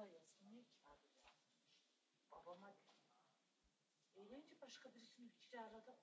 Babasını çağırıyor. Babama dedi. Evlenince başka birisini kiraladı.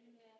vilniuje